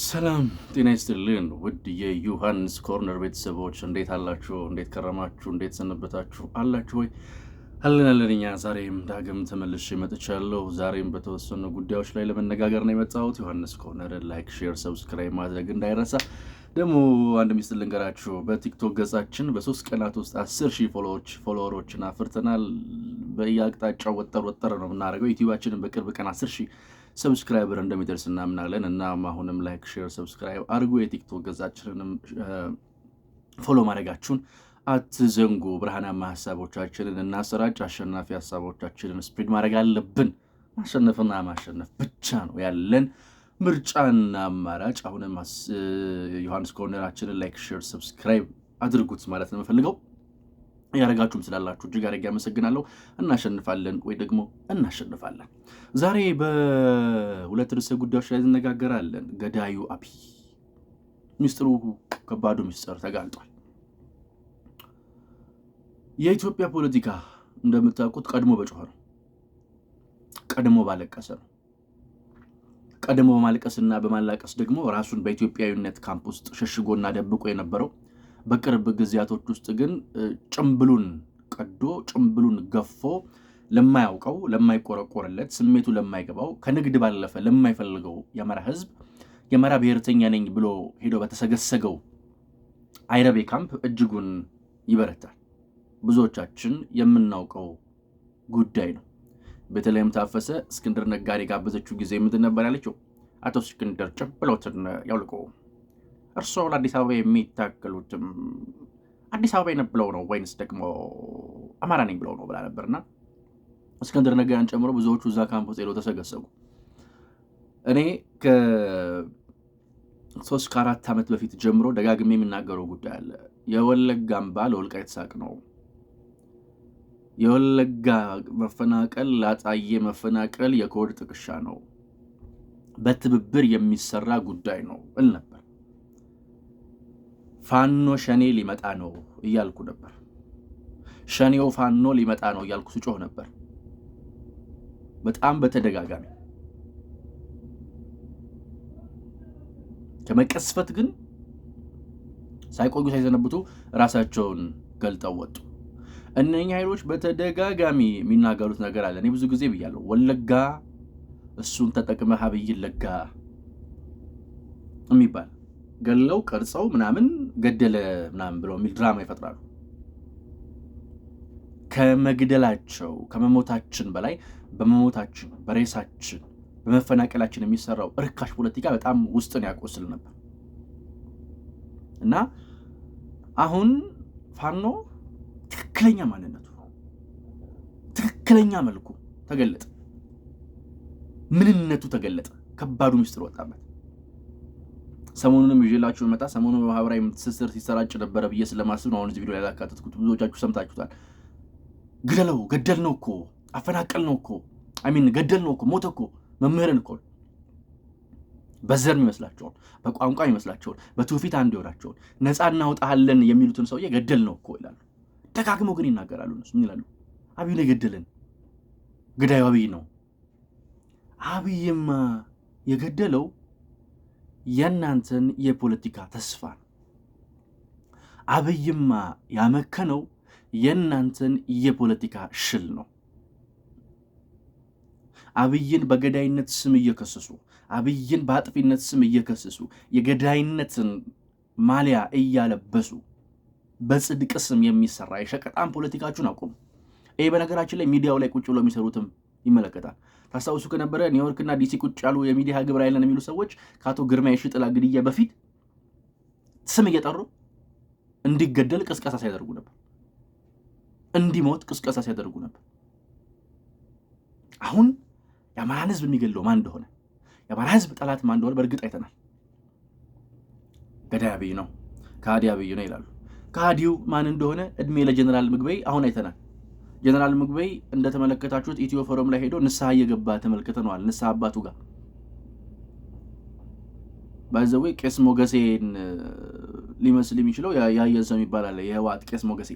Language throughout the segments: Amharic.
ሰላም ጤና ይስጥልን ውድ የዮሐንስ ኮርነር ቤተሰቦች እንዴት አላችሁ? እንዴት ከረማችሁ? እንዴት ሰነበታችሁ? አላችሁ ወይ? አለን እኛ ዛሬም ዳግም ተመልሼ መጥቻለሁ። ዛሬም በተወሰኑ ጉዳዮች ላይ ለመነጋገር ነው የመጣሁት። ዮሐንስ ኮርነር ላይክ፣ ሼር፣ ሰብስክራይብ ማድረግ እንዳይረሳ። ደግሞ አንድ ሚስጥር ልንገራችሁ። በቲክቶክ ገጻችን በሶስት ቀናት ውስጥ አስር ሺህ ፎሎወሮችን አፍርተናል። በየአቅጣጫው ወጠር ወጠር ነው የምናደርገው። ዩቲዩባችንን በቅርብ ቀን አስር ሺህ ሰብስክራይበር እንደሚደርስ እናምናለን። እናም አሁንም ላይክ፣ ሼር፣ ሰብስክራይብ አድርጉ። የቲክቶክ ገጻችንንም ፎሎ ማድረጋችሁን አትዘንጉ። ብርሃናማ ሀሳቦቻችንን እናሰራጭ። አሸናፊ ሀሳቦቻችንን ስፕሪድ ማድረግ አለብን። ማሸነፍና ማሸነፍ ብቻ ነው ያለን ምርጫና አማራጭ። አሁንም ዮሐንስ ኮርነራችንን ላይክ፣ ሼር፣ ሰብስክራይብ አድርጉት ማለት ነው የምፈልገው። ያደረጋችሁም ስላላችሁ እጅግ አድርጌ አመሰግናለሁ። እናሸንፋለን ወይ ደግሞ እናሸንፋለን። ዛሬ በሁለት ርዕሰ ጉዳዮች ላይ እንነጋገራለን። ገዳዩ አብይ ሚስጥሩ፣ ከባዱ ሚስጥር ተጋልጧል። የኢትዮጵያ ፖለቲካ እንደምታውቁት ቀድሞ በጮኸ ነው፣ ቀድሞ ባለቀሰ ነው። ቀድሞ በማልቀስና በማላቀስ ደግሞ ራሱን በኢትዮጵያዊነት ካምፕ ውስጥ ሸሽጎና ደብቆ የነበረው በቅርብ ጊዜያቶች ውስጥ ግን ጭምብሉን ቀዶ ጭምብሉን ገፎ ለማያውቀው ለማይቆረቆርለት ስሜቱ ለማይገባው ከንግድ ባለፈ ለማይፈልገው የአማራ ህዝብ የአማራ ብሔርተኛ ነኝ ብሎ ሄዶ በተሰገሰገው አይረቤ ካምፕ እጅጉን ይበረታል። ብዙዎቻችን የምናውቀው ጉዳይ ነው። በተለይም ታፈሰ እስክንድር ነጋዴ ጋበዘችው ጊዜ ምንድን ነበር ያለችው? አቶ እስክንድር ጭምብሎትን ያውልቆ እርስዎ ለአዲስ አበባ የሚታገሉትም አዲስ አበባ ነኝ ብለው ነው ወይንስ ደግሞ አማራ ነኝ ብለው ነው ብላ ነበርና እስከንድር ነጋያን ጨምሮ ብዙዎቹ እዛ ካምፖስ ሄደው ተሰገሰጉ። እኔ ከሶስት ከአራት ዓመት በፊት ጀምሮ ደጋግሜ የሚናገረው ጉዳይ አለ። የወለጋ አምባ ለወልቃይት ሳቅ ነው። የወለጋ መፈናቀል ለአጣዬ መፈናቀል የኮድ ጥቅሻ ነው። በትብብር የሚሰራ ጉዳይ ነው እል ነበር ፋኖ ሸኔ ሊመጣ ነው እያልኩ ነበር። ሸኔው ፋኖ ሊመጣ ነው እያልኩ ስጮህ ነበር በጣም በተደጋጋሚ። ከመቀስፈት ግን ሳይቆዩ ሳይዘነብቱ ራሳቸውን ገልጠው ወጡ። እነኚህ ኃይሎች በተደጋጋሚ የሚናገሩት ነገር አለ። እኔ ብዙ ጊዜ ብያለሁ፣ ወለጋ እሱን ተጠቅመህ አብይን ለጋ የሚባል ገለው ቀርጸው ምናምን ገደለ ምናምን ብለው የሚል ድራማ ይፈጥራሉ። ከመግደላቸው ከመሞታችን በላይ በመሞታችን በሬሳችን በመፈናቀላችን የሚሰራው እርካሽ ፖለቲካ በጣም ውስጥን ያቆስል ነበር እና አሁን ፋኖ ትክክለኛ ማንነቱ ትክክለኛ መልኩ ተገለጠ፣ ምንነቱ ተገለጠ፣ ከባዱ ምስጢር ወጣበት። ሰሞኑንም ይዤላችሁ መጣ ሰሞኑ በማህበራዊ ትስስር ሲሰራጭ ነበረ ብዬ ስለማስብ ነው አሁን ቪዲዮ ላይ ያካተትኩት። ብዙዎቻችሁ ሰምታችሁታል። ግደለው፣ ገደል ነው እኮ አፈናቀል ነው እኮ አሚን ገደል ነው እኮ ሞተ እኮ መምህርን እኮ በዘር ይመስላቸውን በቋንቋ ይመስላቸውን በትውፊት አንድ የሆናቸውን ነፃ እናውጣለን የሚሉትን ሰውዬ ገደል ነው እኮ ይላሉ። ደጋግመው ግን ይናገራሉ። እነሱ ምን ይላሉ? አብይ ነው የገደልን፣ ግዳዩ አብይ ነው። አብይማ የገደለው የእናንተን የፖለቲካ ተስፋ ነው። አብይማ ያመከነው የእናንተን የፖለቲካ ሽል ነው። አብይን በገዳይነት ስም እየከሰሱ አብይን በአጥፊነት ስም እየከሰሱ የገዳይነትን ማሊያ እያለበሱ በጽድቅ ስም የሚሰራ የሸቀጣም ፖለቲካችሁን አቁሙ። ይህ በነገራችን ላይ ሚዲያው ላይ ቁጭ ብሎ የሚሰሩትም ይመለከታል። ታስታውሱ ከነበረ ኒውዮርክና ዲሲ ቁጭ ያሉ የሚዲያ ግብረ ኃይል የሚሉ ሰዎች ከአቶ ግርማ የሽጥላ ግድያ በፊት ስም እየጠሩ እንዲገደል ቅስቀሳ ሲያደርጉ ነበር፣ እንዲሞት ቅስቀሳ ሲያደርጉ ነበር። አሁን የአማራን ህዝብ የሚገድለው ማን እንደሆነ የአማራ ህዝብ ጠላት ማን እንደሆነ በእርግጥ አይተናል። ገዳይ አብይ ነው፣ ከሃዲ አብይ ነው ይላሉ። ከሃዲው ማን እንደሆነ እድሜ ለጀኔራል ምግበይ አሁን አይተናል። ጀነራል ምግበይ እንደተመለከታችሁት ኢትዮ ፎረም ላይ ሄዶ ንስሐ እየገባ ተመልክተነዋል። ንስሐ አባቱ ጋር ባይዘዌ ቄስ ሞገሴን ሊመስል የሚችለው ያየን ሰው ይባላል። የህወሓት ቄስ ሞገሴ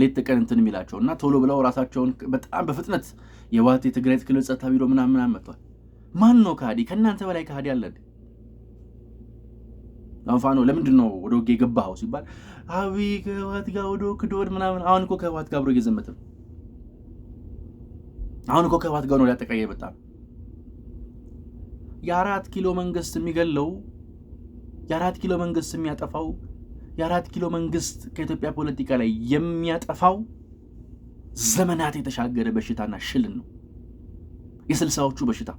ሌት ተቀን እንትን የሚላቸው እና ቶሎ ብለው ራሳቸውን በጣም በፍጥነት የህወሓት የትግራይ ክልል ጸጥታ ቢሮ ምናምን መጥቷል። ማን ነው ከሃዲ? ከእናንተ በላይ ከሃዲ አለን ፋኖ ለምንድን ነው ወደ ውጌ የገባኸው ሲባል አብይ ከህወሓት ጋር ወደ ክዶድ ምናምን። አሁን እኮ ከህወሓት ጋር አብሮ እየዘመተ ነው። አሁን እኮ ከህወሓት ጋር ነው ሊያጠቃየ የመጣ ነው። የአራት ኪሎ መንግስት የሚገለው የአራት ኪሎ መንግስት የሚያጠፋው የአራት ኪሎ መንግስት ከኢትዮጵያ ፖለቲካ ላይ የሚያጠፋው ዘመናት የተሻገረ በሽታና ሽልን ነው። የስልሳዎቹ በሽታ፣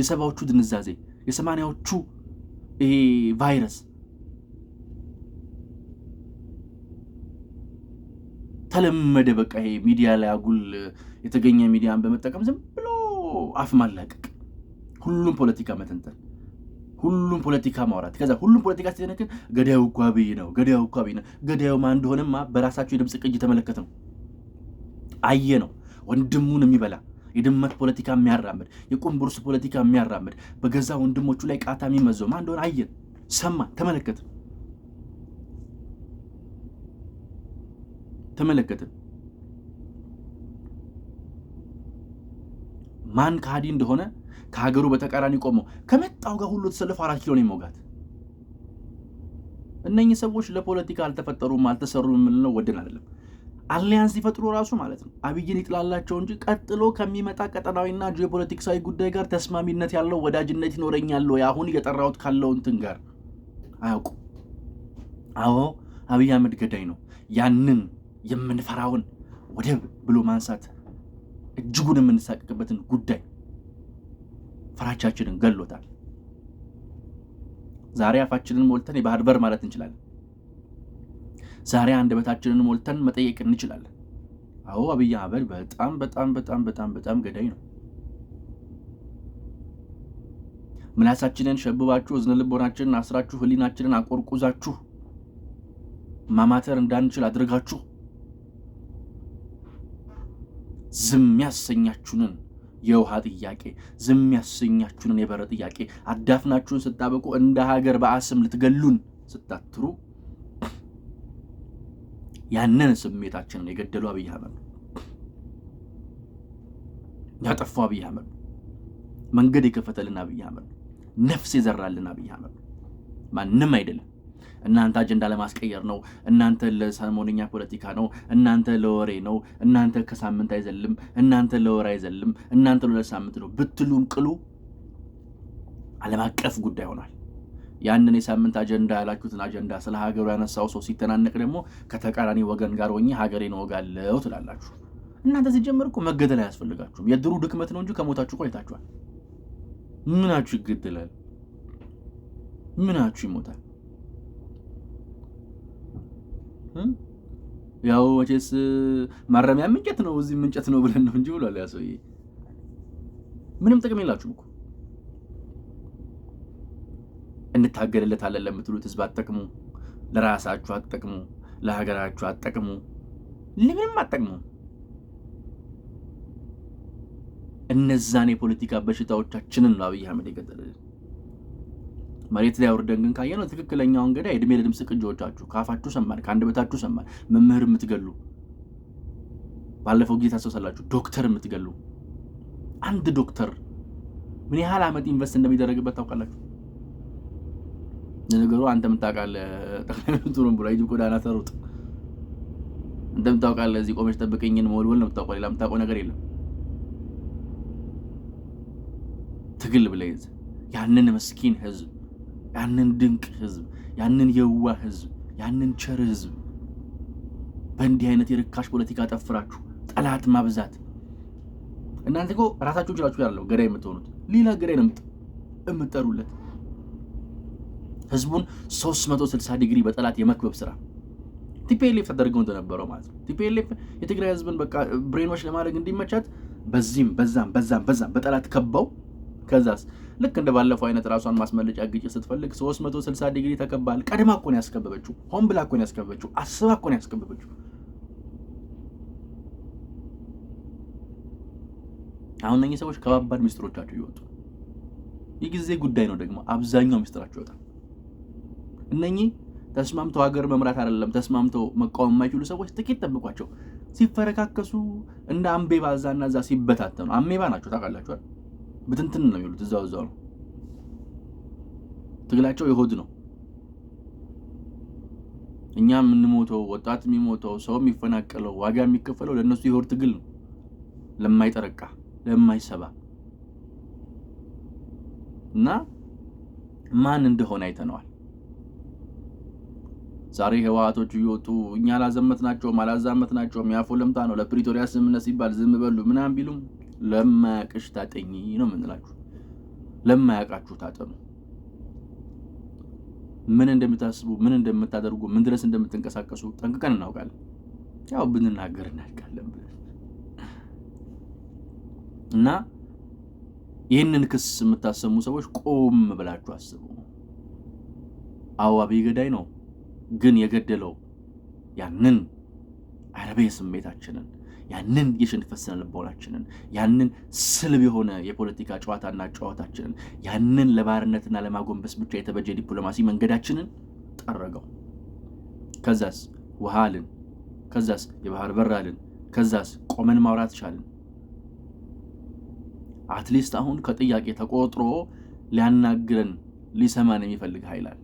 የሰባዎቹ ድንዛዜ፣ የሰማንያዎቹ ይሄ ቫይረስ ተለመደ። በቃ ይሄ ሚዲያ ላይ አጉል የተገኘ ሚዲያን በመጠቀም ዝም ብሎ አፍ ማላቀቅ፣ ሁሉም ፖለቲካ መተንተን፣ ሁሉም ፖለቲካ ማውራት። ከዛ ሁሉም ፖለቲካ ሲነክን ገዳዩ እኮ አብይ ነው፣ ገዳዩ እኮ አብይ ነው። ገዳዩ ማን እንደሆነማ በራሳቸው የድምፅ ቅጅ ተመለከት ነው አየ ነው ወንድሙን የሚበላ የድመት ፖለቲካ የሚያራምድ የቁንብርስ ፖለቲካ የሚያራምድ በገዛ ወንድሞቹ ላይ ቃታ የሚመዘው ማን እንደሆነ አየን፣ ሰማን፣ ተመለከትን። ተመለከተ። ማን ከሃዲ እንደሆነ ከሀገሩ በተቃራኒ ቆመው ከመጣው ጋር ሁሉ ተሰልፎ አራት ነው የሞጋት። እነኚህ ሰዎች ለፖለቲካ አልተፈጠሩም አልተሰሩም የምንለው ወደን አይደለም። አሊያንስ ሲፈጥሩ ራሱ ማለት ነው አብይን ይጥላላቸው እንጂ ቀጥሎ ከሚመጣ ቀጠናዊና ጂኦፖለቲክሳዊ ጉዳይ ጋር ተስማሚነት ያለው ወዳጅነት ይኖረኛል ወይ እየጠራሁት ካለው እንትን ጋር አያውቁ። አዎ አብይ አህመድ ገዳይ ነው። ያንን የምንፈራውን ወደብ ብሎ ማንሳት እጅጉን የምንሳቀቅበትን ጉዳይ ፍራቻችንን ገሎታል። ዛሬ አፋችንን ሞልተን የባህር በር ማለት እንችላለን። ዛሬ አንደበታችንን ሞልተን መጠየቅ እንችላለን። አዎ አብይ አህመድ በጣም በጣም በጣም በጣም በጣም ገዳይ ነው። ምላሳችንን ሸብባችሁ እዝነ ልቦናችንን አስራችሁ ህሊናችንን አቆርቁዛችሁ ማማተር እንዳንችል አድርጋችሁ ዝም ያሰኛችሁንን የውሃ ጥያቄ ዝም ያሰኛችሁንን የበረ ጥያቄ አዳፍናችሁን ስታበቁ እንደ ሀገር በአስም ልትገሉን ስታትሩ ያንን ስሜታችንን የገደሉ አብይ አህመድ ያጠፉ አብይ አህመድ መንገድ የከፈተልን አብይ አህመድ ነፍስ የዘራልን አብይ አህመድ ማንም አይደለም። እናንተ አጀንዳ ለማስቀየር ነው፣ እናንተ ለሰሞንኛ ፖለቲካ ነው፣ እናንተ ለወሬ ነው፣ እናንተ ከሳምንት አይዘልም፣ እናንተ ለወር አይዘልም፣ እናንተ ለሁለት ሳምንት ነው ብትሉም ቅሉ ዓለም አቀፍ ጉዳይ ሆኗል። ያንን የሳምንት አጀንዳ ያላችሁትን አጀንዳ ስለ ሀገሩ ያነሳው ሰው ሲተናነቅ ደግሞ ከተቃራኒ ወገን ጋር ሆኜ ሀገሬን እወጋለሁ ትላላችሁ። እናንተ ሲጀመር እኮ መገደል አያስፈልጋችሁም። የድሩ ድክመት ነው እንጂ ከሞታችሁ ቆይታችኋል። ምናችሁ ይገደላል? ምናችሁ ይሞታል? ያው መቼስ ማረሚያም እንጨት ነው እዚህም እንጨት ነው ብለን ነው እንጂ ብሏል ያ ሰውዬ። ምንም ጥቅም የላችሁም እኮ እንታገልለታለን ለምትሉት ህዝብ አትጠቅሙ፣ ለራሳችሁ አትጠቅሙ፣ ለሀገራችሁ አትጠቅሙ፣ ለምንም አትጠቅሙ። እነዛን የፖለቲካ በሽታዎቻችንን ነው አብይ አህመድ የገጠለልን። መሬት ላይ አውርደን ግን ካየነው ትክክለኛው እንግዲህ የእድሜ ለድምፅ ቅጂዎቻችሁ ከአፋችሁ ሰማን፣ ከአንደበታችሁ ሰማን። መምህር የምትገሉ ባለፈው ጊዜ ታስታውሳላችሁ፣ ዶክተር የምትገሉ አንድ ዶክተር ምን ያህል ዓመት ኢንቨስት እንደሚደረግበት ታውቃላችሁ? ለነገሩ አንተ የምታውቃለህ ጠቅላይ ሚኒስትሩን ብሎ ጅብ ጎዳና ተሩጥ እንደምታውቃለህ እዚህ ቆመች ጠብቀኝን መወልወል ነው የምታውቀው። ሌላ የምታውቀው ነገር የለም። ትግል ብለህ ያንን ምስኪን ህዝብ ያንን ድንቅ ህዝብ፣ ያንን የውዋ ህዝብ፣ ያንን ቸር ህዝብ በእንዲህ አይነት የርካሽ ፖለቲካ ጠፍራችሁ ጠላት ማብዛት እናንተ እኮ ራሳችሁን ችላችሁ ያለው ገዳይ የምትሆኑት ሌላ ገዳይ ነው የምትጠሩለት። ህዝቡን 360 ዲግሪ በጠላት የመክበብ ስራ ቲፒኤልኤፍ ተደርገው እንደነበረው ማለት ነው። ቲፒኤልኤፍ የትግራይ ህዝብን በቃ ብሬኖች ለማድረግ እንዲመቻት በዚህም በዛም በዛም በዛም በጠላት ከበው ከዛስ ልክ እንደ ባለፈው አይነት ራሷን ማስመለጫ ግጭ ስትፈልግ 360 ዲግሪ ተከባል። ቀድማ እኮ ነው ያስከበበችው። ሆን ብላ እኮ ነው ያስከበበችው። አስባ እኮ ነው ያስከበበችው። አሁን እነኚህ ሰዎች ከባባድ ሚስጥሮቻቸው ይወጡ። የጊዜ ጉዳይ ነው ደግሞ አብዛኛው ሚስጥራቸው ይወጣል። እነኚህ ተስማምተው ሀገር መምራት አይደለም ተስማምተው መቃወም የማይችሉ ሰዎች ጥቂት ጠብቋቸው። ሲፈረካከሱ እንደ አምቤባ እዛና እዛ ሲበታተኑ አምቤባ ናቸው ታውቃላችኋል። ብትንትን ነው የሚሉት። እዛው እዛው ነው ትግላቸው፣ የሆድ ነው። እኛ የምንሞተው ወጣት የሚሞተው ሰው የሚፈናቀለው ዋጋ የሚከፈለው ለእነሱ የሆድ ትግል ነው። ለማይጠረቃ ለማይሰባ እና ማን እንደሆነ አይተነዋል። ዛሬ ህወሓቶቹ እየወጡ እኛ አላዘመትናቸውም አላዛመትናቸውም ያፎ ለምታ ነው ለፕሪቶሪያ ስምምነት ሲባል ዝም በሉ ምናምን ቢሉም ለማያቅሽ ታጠኚ ነው የምንላችሁ። ለማያውቃችሁ ታጠኑ። ምን እንደምታስቡ፣ ምን እንደምታደርጉ፣ ምን ድረስ እንደምትንቀሳቀሱ ጠንቅቀን እናውቃለን። ያው ብንናገር እናድቃለን ብለን እና ይህንን ክስ የምታሰሙ ሰዎች ቆም ብላችሁ አስቡ። አዎ አብይ ገዳይ ነው፣ ግን የገደለው ያንን አረቤ ስሜታችንን ያንን የሽንፈት ስነ ልቦናችንን ያንን ስልብ የሆነ የፖለቲካ ጨዋታና ጨዋታችንን ያንን ለባርነትና ለማጎንበስ ብቻ የተበጀ ዲፕሎማሲ መንገዳችንን ጠረገው። ከዛስ ውሃ አልን፣ ከዛስ የባህር በር አልን፣ ከዛስ ቆመን ማውራት ቻልን። አትሊስት አሁን ከጥያቄ ተቆጥሮ ሊያናግረን ሊሰማን የሚፈልግ ኃይል አለ።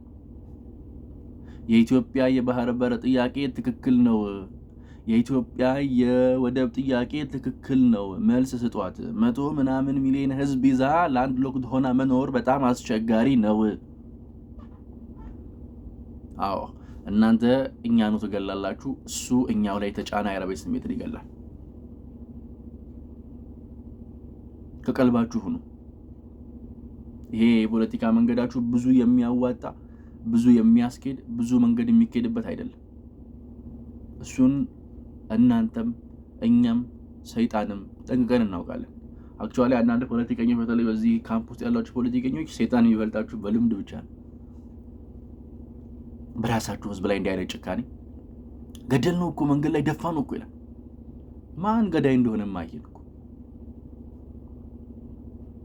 የኢትዮጵያ የባህር በር ጥያቄ ትክክል ነው የኢትዮጵያ የወደብ ጥያቄ ትክክል ነው፣ መልስ ስጧት። መቶ ምናምን ሚሊዮን ህዝብ ይዛ ለአንድ ሎክድ ሆና መኖር በጣም አስቸጋሪ ነው። አዎ እናንተ እኛኑ ትገላላችሁ፣ እሱ እኛው ላይ ተጫና የረቤት ስሜትን ይገላል። ከቀልባችሁ ሁኑ። ይሄ የፖለቲካ መንገዳችሁ ብዙ የሚያዋጣ ብዙ የሚያስኬድ ብዙ መንገድ የሚኬድበት አይደለም እሱን እናንተም እኛም ሰይጣንም ጠንቅቀን እናውቃለን። አክቹዋሊ አንዳንድ ፖለቲከኞች በተለይ በዚህ ካምፕ ውስጥ ያላችሁ ፖለቲከኞች ሰይጣን የሚበልጣችሁ በልምድ ብቻ ነው። በራሳችሁ ህዝብ ላይ እንዲያለ ጭካኔ ገደል ነው እኮ መንገድ ላይ ደፋ ነው እኮ ይላል። ማን ገዳይ እንደሆነ ማየን እኮ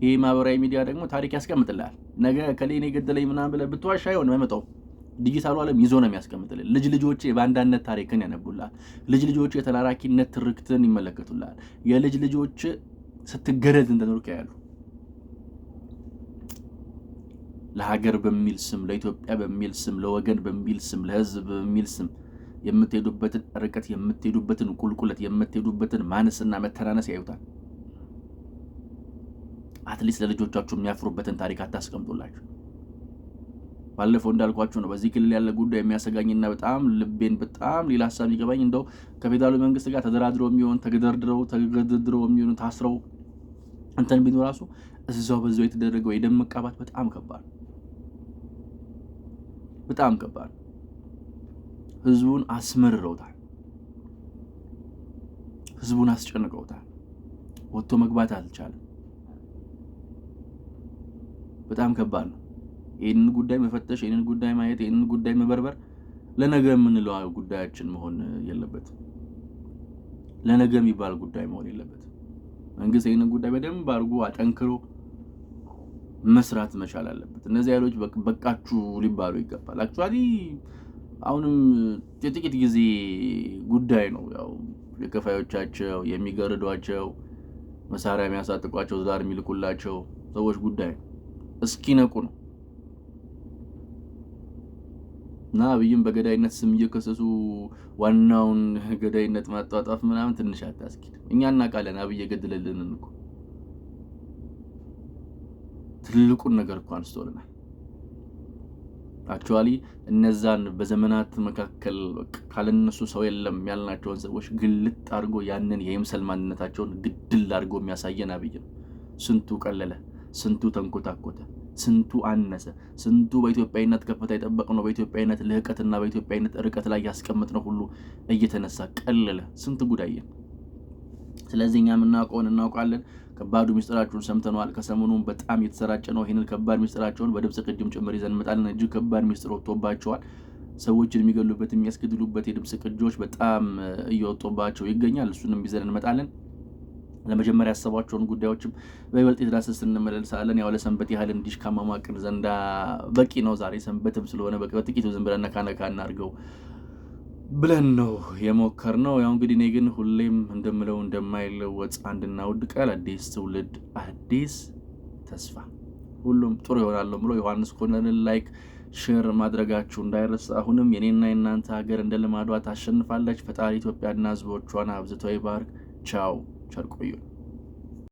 ይህ ማህበራዊ ሚዲያ ደግሞ ታሪክ ያስቀምጥልሃል። ነገ ከሌኔ የገደለኝ ምናምን ብለህ ብትዋሻ አይሆንም፣ አይመጣውም። ዲጂታሉ ዓለም ይዞ ነው የሚያስቀምጥልን። ልጅ ልጆች የባንዳነት ታሪክን ያነቡላል። ልጅ ልጆች የተላራኪነት ትርክትን ይመለከቱላል። የልጅ ልጆች ስትገረዝ እንደኖርክ ያሉ ለሀገር በሚል ስም፣ ለኢትዮጵያ በሚል ስም፣ ለወገን በሚል ስም፣ ለህዝብ በሚል ስም የምትሄዱበትን ርቀት የምትሄዱበትን ቁልቁለት የምትሄዱበትን ማነስና መተናነስ ያዩታል። አትሊስት ለልጆቻችሁ የሚያፍሩበትን ታሪክ አታስቀምጡላችሁ። ባለፈው እንዳልኳችሁ ነው። በዚህ ክልል ያለ ጉዳይ የሚያሰጋኝና በጣም ልቤን በጣም ሌላ ሀሳብ የሚገባኝ እንደው ከፌዴራሉ መንግስት ጋር ተደራድረው የሚሆን ተገደርድረው ተገደድረው የሚሆኑ ታስረው እንትን ቢኖ ራሱ እዛው በዛው የተደረገው የደም መቃባት በጣም ከባድ በጣም ከባድ ህዝቡን አስመርረውታል። ህዝቡን አስጨንቀውታል። ወጥቶ መግባት አልቻለም። በጣም ከባድ ነው። ይህንን ጉዳይ መፈተሽ፣ ይህንን ጉዳይ ማየት፣ ይህንን ጉዳይ መበርበር ለነገ የምንለው ጉዳያችን መሆን የለበት። ለነገ የሚባል ጉዳይ መሆን የለበት መንግስት ይህንን ጉዳይ በደንብ አድርጎ አጠንክሮ መስራት መቻል አለበት። እነዚህ ኃይሎች በቃችሁ ሊባሉ ይገባል። አክቹዋሊ አሁንም የጥቂት ጊዜ ጉዳይ ነው። ያው የከፋዮቻቸው የሚገርዷቸው መሳሪያ የሚያሳጥቋቸው፣ ዛር የሚልኩላቸው ሰዎች ጉዳይ ነው እስኪነቁ ነው። እና አብይም በገዳይነት ስም እየከሰሱ ዋናውን ገዳይነት ማጧጧፍ ምናምን ትንሽ አታስኪድ። እኛ እናውቃለን አብይ የገደለልንን እኮ ትልቁን ነገር እኮ አንስቶልናል። አክቹዋሊ እነዛን በዘመናት መካከል ካለነሱ ሰው የለም ያልናቸውን ሰዎች ግልጥ አድርጎ ያንን የይምሰል ማንነታቸውን ግድል አድርጎ የሚያሳየን አብይ ነው። ስንቱ ቀለለ፣ ስንቱ ተንኮታኮተ። ስንቱ አነሰ? ስንቱ በኢትዮጵያዊነት ከፍታ የጠበቅነው በኢትዮጵያዊነት ልህቀትና በኢትዮጵያዊነት ርቀት ላይ ያስቀመጥነው ሁሉ እየተነሳ ቀለለ። ስንት ጉዳየን። ስለዚህ እኛ የምናውቀውን እናውቃለን። ከባዱ ሚስጥራችሁን ሰምተነዋል። ከሰሞኑን በጣም የተሰራጨ ነው። ይህንን ከባድ ሚስጥራቸውን በድምፅ ቅጅም ጭምር ይዘን እንመጣለን። እጅግ ከባድ ሚስጥር ወጥቶባቸዋል። ሰዎችን የሚገሉበት የሚያስገድሉበት የድምፅ ቅጆች በጣም እየወጡባቸው ይገኛል። እሱንም ይዘን እንመጣለን። ለመጀመሪያ ያሰቧቸውን ጉዳዮችም በይበልጥ የዳሰስ እንመለሳለን። ያው ለሰንበት ያህል እንዲሽ ከማማቅር ዘንዳ በቂ ነው። ዛሬ ሰንበትም ስለሆነ በጥቂቱ ዝም ብለን ነካ ነካ እናድርገው ብለን ነው የሞከር ነው። ያው እንግዲህ እኔ ግን ሁሌም እንደምለው እንደማይለወጥ አንድና ውድ ቃል አዲስ ትውልድ አዲስ ተስፋ፣ ሁሉም ጥሩ ይሆናል ብሎ ዮሐንስ ኮርነርን ላይክ ሽር ማድረጋችሁ እንዳይረሳ። አሁንም የኔና የእናንተ ሀገር እንደ ልማዷ ታሸንፋለች። ፈጣሪ ኢትዮጵያና ሕዝቦቿን አብዝቶ ይባርክ። ቻው አልቆዩም።